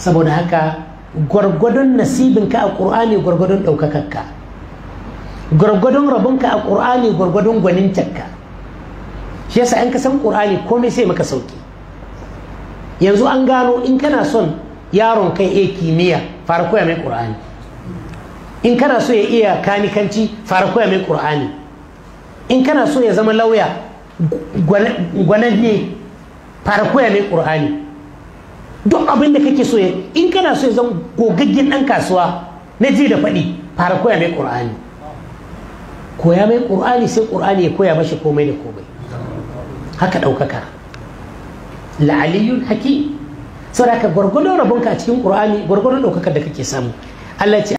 saboda haka gwargwadon nasibinka a ƙur'ani gwargwadon ɗaukakarka gwargwadon rabonka a ƙur'ani gwargwadon gwanintarka shi yasa in ka san ƙur'ani komai sai maka sauki yanzu an gano in kana son yaron kai iya kimiyya fara koya mai ƙur'ani in kana so ya iya kanikanci fara koya mai ƙur'ani in kana so ya zama lauya ne fara koya mai ƙur'ani duk abin da kake so ya in kana so ya zan gogaggen ɗan kasuwa na ji da faɗi fara koya mai ƙur'ani koya mai ƙur'ani sai ƙur'ani ya koya mashi komai da komai haka ɗaukaka la'aliyun haki saboda haka gwargwadon rabonka a cikin ƙur'ani gwargwadon ɗaukakar da kake samu Allah